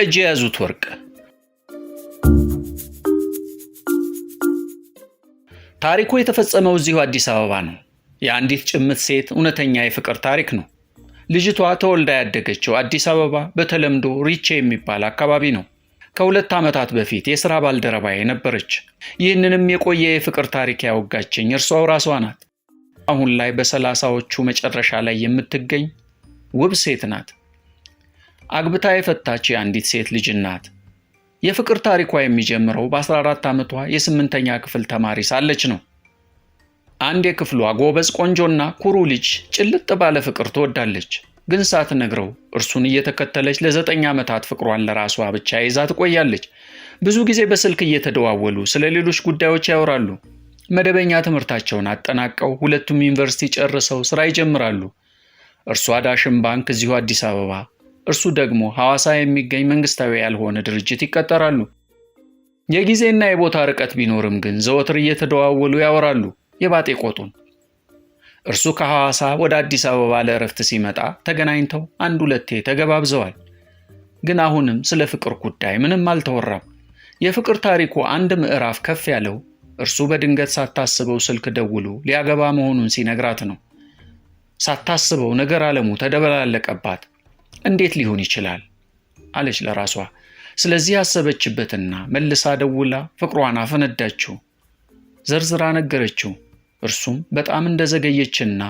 በእጅ የያዙት ወርቅ ታሪኩ የተፈጸመው እዚሁ አዲስ አበባ ነው። የአንዲት ጭምት ሴት እውነተኛ የፍቅር ታሪክ ነው። ልጅቷ ተወልዳ ያደገችው አዲስ አበባ በተለምዶ ሪቼ የሚባል አካባቢ ነው። ከሁለት ዓመታት በፊት የሥራ ባልደረባ የነበረች ይህንንም የቆየ የፍቅር ታሪክ ያወጋችኝ እርሷው ራሷ ናት። አሁን ላይ በሰላሳዎቹ መጨረሻ ላይ የምትገኝ ውብ ሴት ናት። አግብታ የፈታች የአንዲት ሴት ልጅ ናት። የፍቅር ታሪኳ የሚጀምረው በ14 ዓመቷ የስምንተኛ ክፍል ተማሪ ሳለች ነው። አንድ የክፍሏ ጎበዝ ቆንጆና ኩሩ ልጅ ጭልጥ ባለ ፍቅር ትወዳለች። ግን ሳትነግረው እርሱን እየተከተለች ለዘጠኝ ዓመታት ፍቅሯን ለራሷ ብቻ ይዛ ትቆያለች። ብዙ ጊዜ በስልክ እየተደዋወሉ ስለ ሌሎች ጉዳዮች ያወራሉ። መደበኛ ትምህርታቸውን አጠናቀው ሁለቱም ዩኒቨርሲቲ ጨርሰው ስራ ይጀምራሉ። እርሷ ዳሽን ባንክ እዚሁ አዲስ አበባ እርሱ ደግሞ ሐዋሳ የሚገኝ መንግስታዊ ያልሆነ ድርጅት ይቀጠራሉ። የጊዜና የቦታ ርቀት ቢኖርም ግን ዘወትር እየተደዋወሉ ያወራሉ የባጤ ቆጡን። እርሱ ከሐዋሳ ወደ አዲስ አበባ ለእረፍት ሲመጣ ተገናኝተው አንድ ሁለቴ ተገባብዘዋል። ግን አሁንም ስለ ፍቅር ጉዳይ ምንም አልተወራም። የፍቅር ታሪኩ አንድ ምዕራፍ ከፍ ያለው እርሱ በድንገት ሳታስበው ስልክ ደውሎ ሊያገባ መሆኑን ሲነግራት ነው። ሳታስበው ነገር አለሙ ተደበላለቀባት። እንዴት ሊሆን ይችላል አለች ለራሷ። ስለዚህ ያሰበችበትና መልሳ ደውላ ፍቅሯን አፈነዳችው። ዘርዝራ ነገረችው። እርሱም በጣም እንደዘገየችና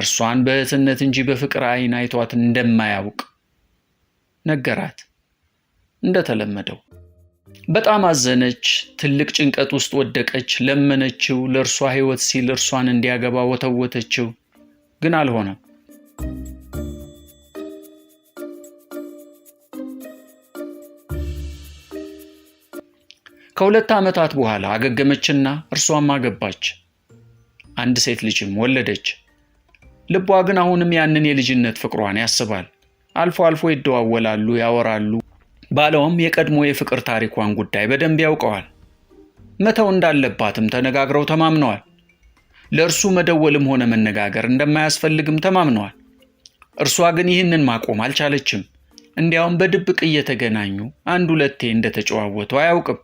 እርሷን በእህትነት እንጂ በፍቅር ዓይን አይቷት እንደማያውቅ ነገራት። እንደተለመደው በጣም አዘነች። ትልቅ ጭንቀት ውስጥ ወደቀች። ለመነችው። ለእርሷ ሕይወት ሲል እርሷን እንዲያገባ ወተወተችው፣ ግን አልሆነም። ከሁለት ዓመታት በኋላ አገገመችና እርሷም አገባች። አንድ ሴት ልጅም ወለደች። ልቧ ግን አሁንም ያንን የልጅነት ፍቅሯን ያስባል። አልፎ አልፎ ይደዋወላሉ፣ ያወራሉ። ባለውም የቀድሞ የፍቅር ታሪኳን ጉዳይ በደንብ ያውቀዋል። መተው እንዳለባትም ተነጋግረው ተማምነዋል። ለእርሱ መደወልም ሆነ መነጋገር እንደማያስፈልግም ተማምነዋል። እርሷ ግን ይህንን ማቆም አልቻለችም። እንዲያውም በድብቅ እየተገናኙ አንድ ሁለቴ እንደተጨዋወቱ አያውቅም።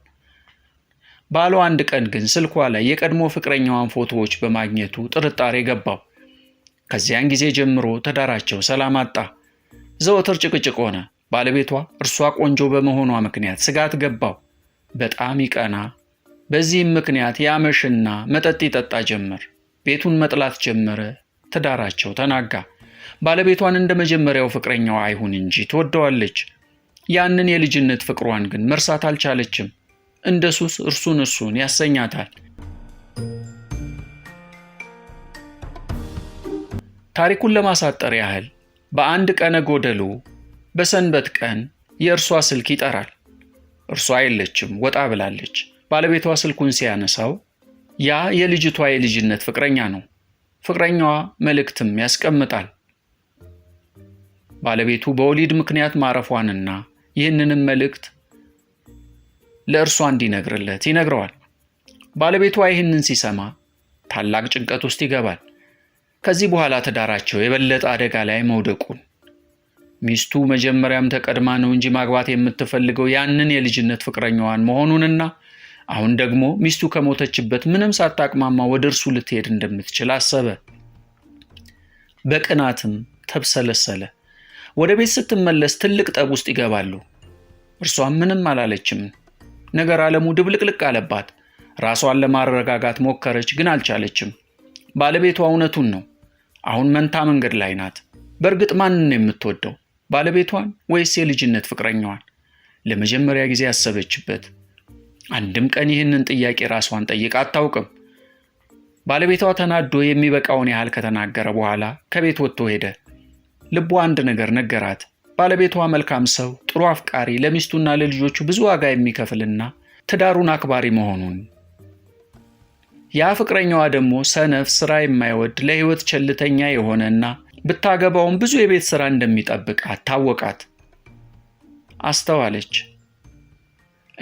ባሉ አንድ ቀን ግን ስልኳ ላይ የቀድሞ ፍቅረኛዋን ፎቶዎች በማግኘቱ ጥርጣሬ ገባው። ከዚያን ጊዜ ጀምሮ ትዳራቸው ሰላም አጣ። ዘወትር ጭቅጭቅ ሆነ። ባለቤቷ እርሷ ቆንጆ በመሆኗ ምክንያት ስጋት ገባው። በጣም ይቀና። በዚህም ምክንያት ያመሽና መጠጥ ይጠጣ ጀመር። ቤቱን መጥላት ጀመረ። ትዳራቸው ተናጋ። ባለቤቷን እንደ መጀመሪያው ፍቅረኛዋ አይሁን እንጂ ትወደዋለች። ያንን የልጅነት ፍቅሯን ግን መርሳት አልቻለችም። እንደ ሱስ እርሱን እርሱን ያሰኛታል። ታሪኩን ለማሳጠር ያህል በአንድ ቀነ ጎደሎ በሰንበት ቀን የእርሷ ስልክ ይጠራል። እርሷ የለችም፣ ወጣ ብላለች። ባለቤቷ ስልኩን ሲያነሳው ያ የልጅቷ የልጅነት ፍቅረኛ ነው። ፍቅረኛዋ መልእክትም ያስቀምጣል። ባለቤቱ በወሊድ ምክንያት ማረፏንና ይህንንም መልእክት ለእርሷ እንዲነግርለት ይነግረዋል። ባለቤቷ ይህንን ሲሰማ ታላቅ ጭንቀት ውስጥ ይገባል። ከዚህ በኋላ ትዳራቸው የበለጠ አደጋ ላይ መውደቁን ሚስቱ መጀመሪያም ተቀድማ ነው እንጂ ማግባት የምትፈልገው ያንን የልጅነት ፍቅረኛዋን መሆኑንና አሁን ደግሞ ሚስቱ ከሞተችበት ምንም ሳታቅማማ ወደ እርሱ ልትሄድ እንደምትችል አሰበ። በቅናትም ተብሰለሰለ። ወደ ቤት ስትመለስ ትልቅ ጠብ ውስጥ ይገባሉ። እርሷም ምንም አላለችም። ነገር ዓለሙ ድብልቅልቅ አለባት። ራሷን ለማረጋጋት ሞከረች፣ ግን አልቻለችም። ባለቤቷ እውነቱን ነው። አሁን መንታ መንገድ ላይ ናት። በእርግጥ ማንን ነው የምትወደው? ባለቤቷን ወይስ የልጅነት ፍቅረኛዋን? ለመጀመሪያ ጊዜ ያሰበችበት። አንድም ቀን ይህንን ጥያቄ ራሷን ጠይቃ አታውቅም። ባለቤቷ ተናዶ የሚበቃውን ያህል ከተናገረ በኋላ ከቤት ወጥቶ ሄደ። ልቧ አንድ ነገር ነገራት። ባለቤቷ መልካም ሰው፣ ጥሩ አፍቃሪ፣ ለሚስቱና ለልጆቹ ብዙ ዋጋ የሚከፍልና ትዳሩን አክባሪ መሆኑን ያ ፍቅረኛዋ ደግሞ ሰነፍ፣ ስራ የማይወድ ለህይወት ቸልተኛ የሆነና ብታገባውም ብዙ የቤት ስራ እንደሚጠብቃት ታወቃት። አስተዋለች።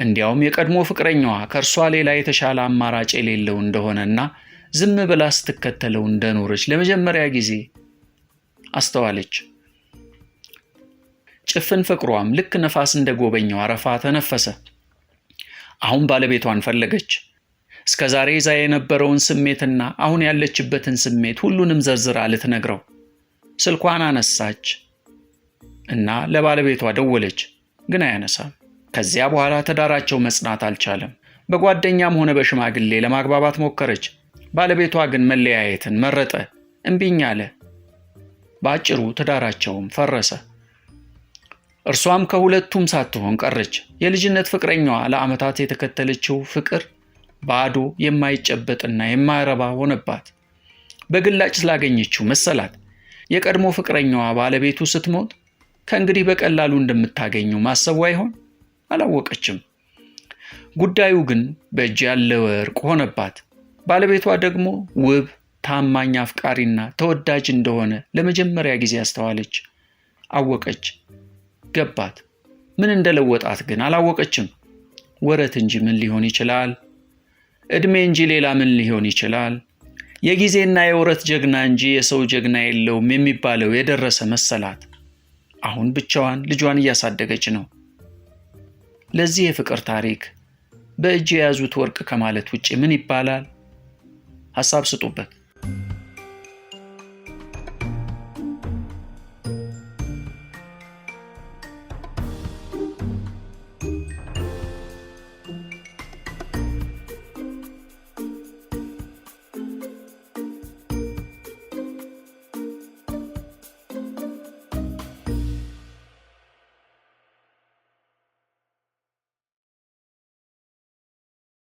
እንዲያውም የቀድሞ ፍቅረኛዋ ከእርሷ ሌላ የተሻለ አማራጭ የሌለው እንደሆነና ዝም ብላ ስትከተለው እንደኖረች ለመጀመሪያ ጊዜ አስተዋለች። ጭፍን ፍቅሯም ልክ ነፋስ እንደ ጎበኛው አረፋ ተነፈሰ። አሁን ባለቤቷን ፈለገች። እስከ ዛሬ ይዛ የነበረውን ስሜትና አሁን ያለችበትን ስሜት ሁሉንም ዘርዝራ ልትነግረው ስልኳን አነሳች እና ለባለቤቷ ደወለች፣ ግን አያነሳም። ከዚያ በኋላ ትዳራቸው መጽናት አልቻለም። በጓደኛም ሆነ በሽማግሌ ለማግባባት ሞከረች። ባለቤቷ ግን መለያየትን መረጠ፣ እምቢኝ አለ። በአጭሩ ትዳራቸውም ፈረሰ። እርሷም ከሁለቱም ሳትሆን ቀረች። የልጅነት ፍቅረኛዋ ለዓመታት የተከተለችው ፍቅር ባዶ የማይጨበጥና የማይረባ ሆነባት። በግላጭ ስላገኘችው መሰላት። የቀድሞ ፍቅረኛዋ ባለቤቱ ስትሞት ከእንግዲህ በቀላሉ እንደምታገኘው ማሰቡ አይሆን አላወቀችም። ጉዳዩ ግን በእጅ ያለ ወርቅ ሆነባት። ባለቤቷ ደግሞ ውብ፣ ታማኝ አፍቃሪና ተወዳጅ እንደሆነ ለመጀመሪያ ጊዜ አስተዋለች፣ አወቀች። ገባት። ምን እንደለወጣት ግን አላወቀችም። ወረት እንጂ ምን ሊሆን ይችላል? እድሜ እንጂ ሌላ ምን ሊሆን ይችላል? የጊዜና የወረት ጀግና እንጂ የሰው ጀግና የለውም የሚባለው የደረሰ መሰላት። አሁን ብቻዋን ልጇን እያሳደገች ነው። ለዚህ የፍቅር ታሪክ በእጅ የያዙት ወርቅ ከማለት ውጭ ምን ይባላል? ሐሳብ ስጡበት።